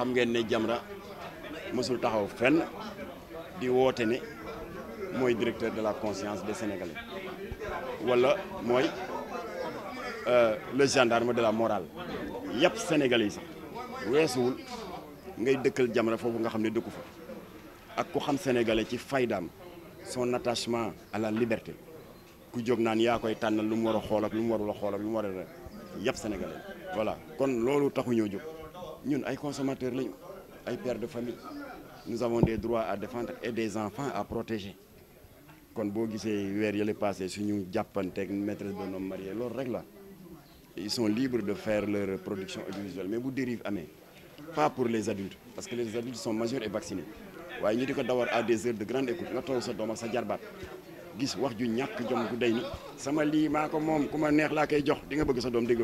xam ngeen ne Jamra mësul taxaw fenn di woote ne mooy directeur de la conscience des Sénégalais wala mooy euh, le gendarme de la morale yàpp Sénégalais yi sax weesuwul ngay dëkkal Jamra foofu nga xam ne dëkku fa ak ku xam Sénégalais ci faydaam soo attachement à la liberté ku jóg naan yaa koy tànnal lu mu war a xool ak lu mu warul a xool ak lu mu war a yàpp Sénégalais kon loolu taxu ñoo ñun ay consommateurs lañu ay pères de famille nous avons des droits à défendre et des enfants à protéger kon boo gisee weer yële passé suñu jàppanteeg maîtresse d'un homme marié loolu rek la ils sont libre de faire leur production audiovisuelle mais bu dérive amee pas pour les adultes parce que les adultes sont majeurs et vaccinés waaye ñu di ko dawar à des heures de grande écoute nga toog sa doom ak sa jarbaat gis wax ju ñàkk jom gu day ni sama lii maa ko moom ku ma neex laa koy jox di nga bëgg sa doom dégg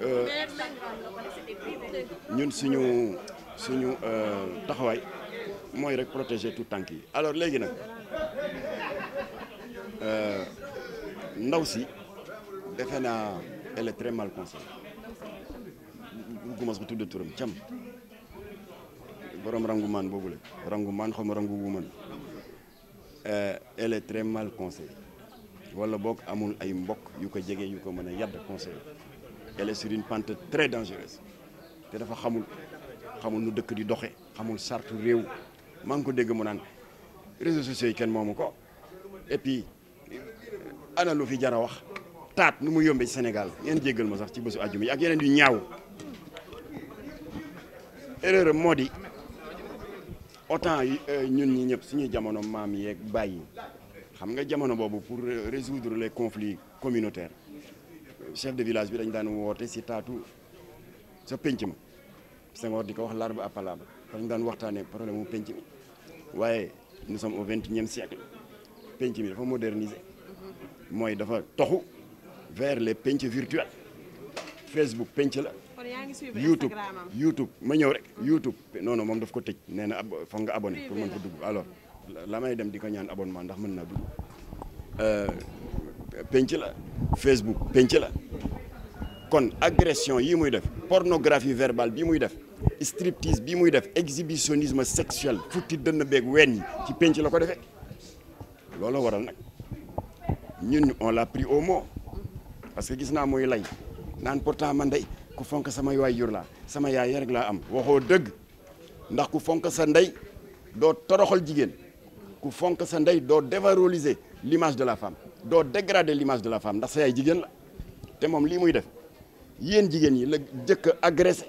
Euh, ñun suñu suñu euh, taxawaay mooy rek protéger tout tànk yi alors léegi nag euh, ndaw si defe naa elle est très mal conseillée bugguma sax tudd turam cam borom rangu maan boobu la rangu maan xaw ma rangu wu man elle est très mal conseil walla boog amul ay mbokk yu ko jegee yu ko mën a yàdd conseil elle est sur une pente très dangereuse te dafa xamul xamul nu dëkk di doxe xamul sartu réew maa ngi ko dégg mu naan réseaux sociaux yi kenn moomu ko et puis euh, ana lu fi jar a wax taat nu mu yombee Sénégal ngeen jéggal ma sax ci bésu àjjuma yi ak yeneen yu ñaaw erreur moo di autant euh, ñun ñi ñëpp suñu jamono maam yeeg bàyyi xam nga jamono boobu pour euh, résoudre les conflits communautaire chef de village bi dañ daan woote si taatu sa penc ma Senghor di ko wax l'arbre à palabre dañ daan waxtaane problème mu penc mi waaye nu sommes au vingt-et-unième penc mi dafa moderniser mooy dafa toxu vers les penc virtuels Facebook penc la. YouTube YouTube ma ñëw rek YouTube non non moom daf ko tëj nee na ab nga abonné pour mën ko duggu alors la may dem di ko ñaan abonnement ndax mën naa dugg. Euh, penc la Facebook penc la kon agression yii muy def pornographie verbale bi muy def striptease bi muy def exhibitionnisme sexuel futti dënn beeg ween yi ci penc la ko defee loolu waral nag ñun on l'a pris au mot parce que gis naa mooy lay naan pourtant ma ndey ku fonk sama waay jur laa sama yaay rek laa am waxoo dëgg ndax ku fonk sa ndey doo toroxal jigéen ku fonk sa ndey doo dévaloriser l'image de la femme doo dégrader l'image de la femme ndax sa yaay jigéen la te moom lii muy def yéen jigéen yi la jëkk agressé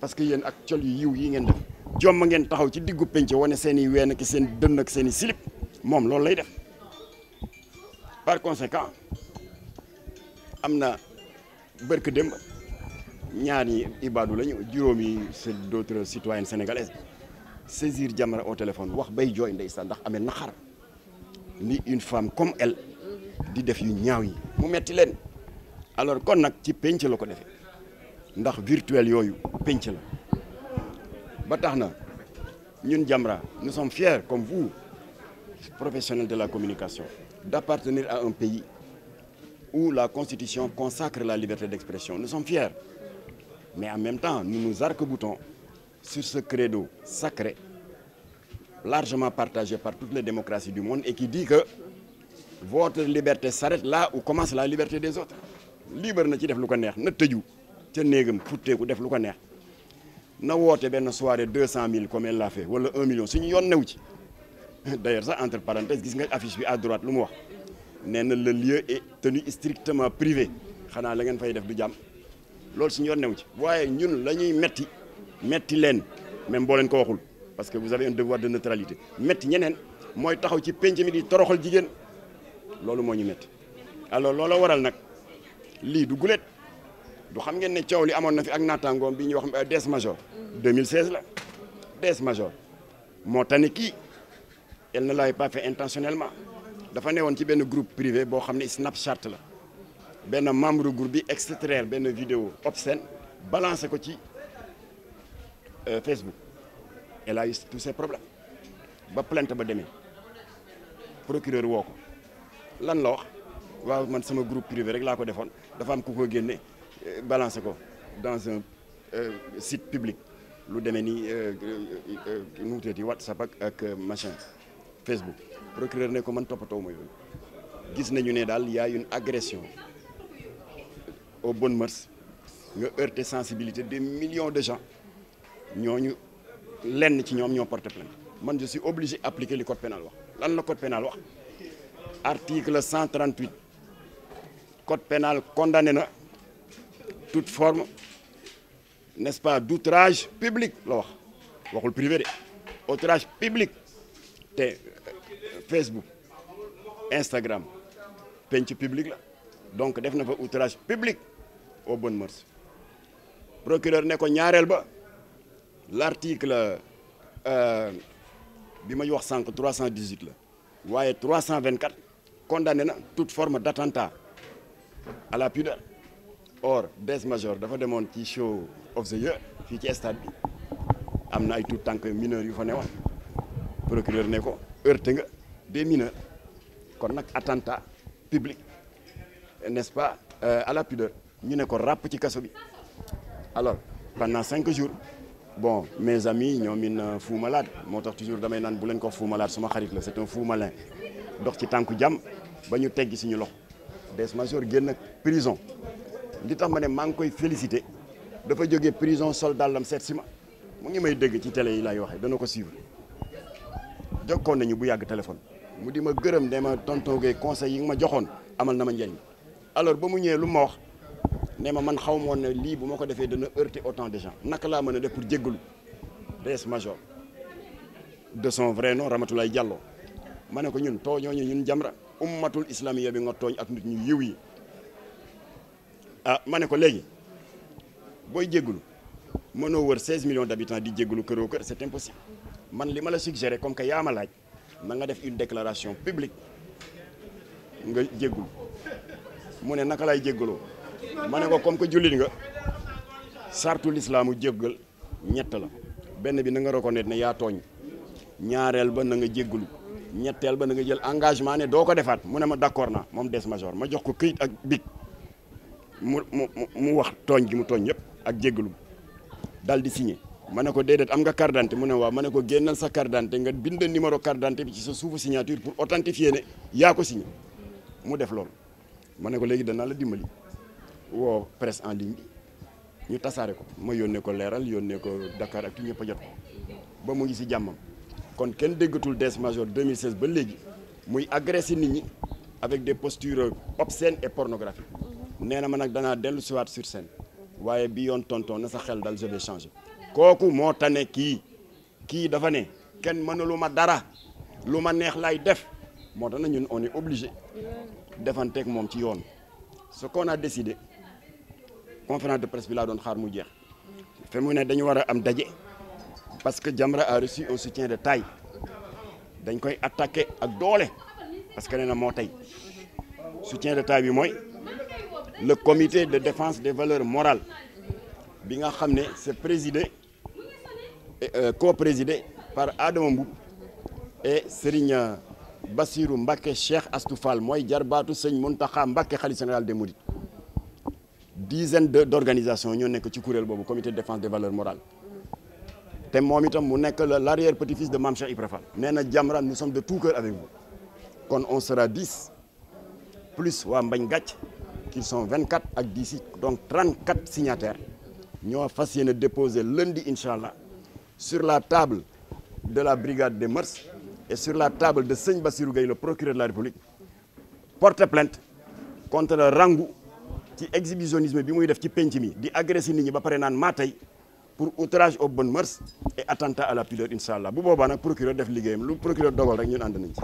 parce que yéen ak col yu yiw yi ngeen def jomma ngeen taxaw ci diggu penc wane seen i ween ak seen dënn ak seeni i silip moom loolu lay def par conséquent am na bërk démb ñaar yi ibaadu lañu juróom yi c'est d'autres citoyennes sénégalaises saisir Jamra au téléphone wax bay jooy ndeysaan ndax amee naxar ni une femme comme elle di def yu ñaaw yi mu metti leen alors kon nag ci penc la ko defee ndax virtuel yooyu penc ba tax na ñun jambra nous sommes fiers comme vous professionnels de la communication d'appartenir à un pays où la constitution consacre la liberté d'expression nous sommes fiers mais en même temps nous nous arc-boutons sur ce credo sacré largement partagé par toutes les démocraties du monde et qui dit que votre liberté s'arrête là où commence la liberté des autres libre na ci def lu ko neex na tëju ca néegam futteeku def lu ko neex na woote benn soirée deux cent mille comme elle l'a fait wala un million suñu yoon new ci d'ailleurs sax entre gis nga affiche bi à droite lu mu wax nee na le lieu est tenu strictement privé xanaa la ngeen fay def du jàmm loolu suñu yoon new ci waaye ñun la ñuy metti metti leen même boo leen ko waxul parce que vous avez un devoir de neutralité metti ñeneen mooy taxaw ci penc mi di toroxal jigéen loolu moo ñu met alors looloo waral nag lii du gulet du xam ngeen ne coow li amoon na fi ak naataangoom bi ñuy wax euh, des major 2016 la des major moo tane kii elle ne l'avait pas fait intentionnellement dafa newoon ci benn groupe privé boo xam ne Snapchat la benn membre groupe bi extraire benn vidéo obscène balancé ko ci euh, Facebook elle a eu tous ces problèmes ba plainte ba demee procureur woo ko lan la wax waaw man sama groupe privé rek laa ko defoon dafa am ku ko génne euh, balancé ko dans un euh, site public lu demee ni euh, nu mu tuddati WhatsApp ak ak machin Facebook procureur ne ko man toppatoo ma yooyu gis nañu ne daal y a une agression aux bonnes mœurs nga heurté sensibilité des millions de gens ñooñu lenn ci ñoom ñoo porté plainte man je suis obligé appliquer li code pénal wax lan la code pénal wax. article 138 code pénal condamné na toute forme n'est-ce pas d'outrage public la wax waxul privé de outrage public te euh, Facebook Instagram penc public la donc def na fa outrage public aux bonnes procureur ne ko ñaareel ba l'article euh, bi may wax sànq 318 la waaye 324 condamné na tout forme d' attentat à or Bess Major dafa demoon ci show of the year fii ci stade bi am na ay tout tànk mineurs yu fa newoon procureur ne ko heurté nga des mineurs kon nag attentat public n'est-ce pas euh, à ñu ne ko ràpp ci kaso bi alors pendant cinq jours bon mes amis ñoom in euh, Fou Malade moo tax toujours damay naan bu leen ko Fou Malade suma xarit la c'est un malin dox ci tànku jàmm ba ñu teggi suñu loxo Dess Major génn nag prison li tax ma ne maa ngi koy félicité dafa jógee prison sol dàllam seet si ma mu ngi may dégg ci télé yi lay waxee dana ko suivre jokkoon nañu bu yàgg téléphone mu di ma gërëm ne ma tonton Gueye conseil yi nga ma joxoon amal na ma njëriñ alors ba mu ñëwee lu ma wax nee ma man xaw ma woon ne lii bu ma ko defee dana heurter autant de gens naka laa mën a def pour jéggalu Dess Major de son vrai nom Ramatoulaye Diallo ma ko ñun ummatul islamiya bi nga tooñ ak nit ñu yiw yi ah ma ne ko léegi booy jéggulu mënoo wër 16 millions d'habitants di jéggulu këroo kër c'est impossible man li ma la suggéré comme que yaama laaj na nga def une déclaration publique nga jéggulu mu ne naka lay jéggaloo ma ne ko comme que jullit nga sartu lislaamu jéggal ñett la benn bi nanga nga reconnaître ne yaa tooñ ñaareel ba na nga jéggulu ñetteel ba nag nga jël engagement ne doo ko defaat mu ne ma d'accord naa moom des major ma jox ko këyit ak bic mu mu mu wax tooñ gi mu tooñ yëpp ak jéggalu dal di signé ma ne ko déedéet am nga carte d'identité mu ne waaw ma ne ko génnal sa carte d'identité nga bind numéro carte d'identité bi ci sa suufu signature pour authentifier ne yaa ko signé mu def lool ma ne ko léegi danaa la dimbali woo presse en ligne bi ñu tasaare ko ma yónnee ko leeral yónnee ko Dakar ak jot ko ba mu ngi si jàmmam kon kenn déggatul DES major 2016 ba léegi muy agressé nit ñi avec des postures obscènes et pornographiques nee na ma nag danaa dellu siwaat sur scène waaye bi yoon tonton na sa xel dal je vais changer kooku moo ne kii kii dafa ne kenn mënalu ma dara lu ma neex lay def moo tax na ñun on est obligé defanteeg moom ci yoon ce qu'on a décidé conférence de presse bi laa doon xaar mu jeex fi mu ne dañu war a am daje parce que Jamra a reçu un soutien de taille dañ koy attaque ak doole parce que nee na moo tey soutien de taille bi mooy le comité de defence des valeurs morales bi nga xam ne c'est présidé euh, co-présidé par Adama Mboup et Serigne euh, Bassirou Mbacké Cheikh Astou Fall mooy jarbaatu sëñ Mountakha Mbacké xalifa général de mourides dizaine d'organisations ñoo nekk ci kuréel boobu comité de défense des valeurs morales te moom itam mu nekk la l'arrière petit-fils de Mame Cheikh Ibra Fall nee na Jamra nous de tout avec vous kon on sera 10 plus waa Mbañ Gàcc qui sont 24 ak 10 donc 34 signataires ñoo fas yéene déposer lundi incha allah sur la table de la brigade de mœurs et sur la table de Sëñ Bassirou Gueye le procureur de la République porte plainte contre Rangu ci exhibitionnisme bi muy def ci penc mi di agresser nit ñi ba pare naan maa pour outrage aux bonnes mœurs et attentat à la pudeur incha allah bu boobaa nag procureur def liggéeyam lu procureur dogal rek ñun ànd nañ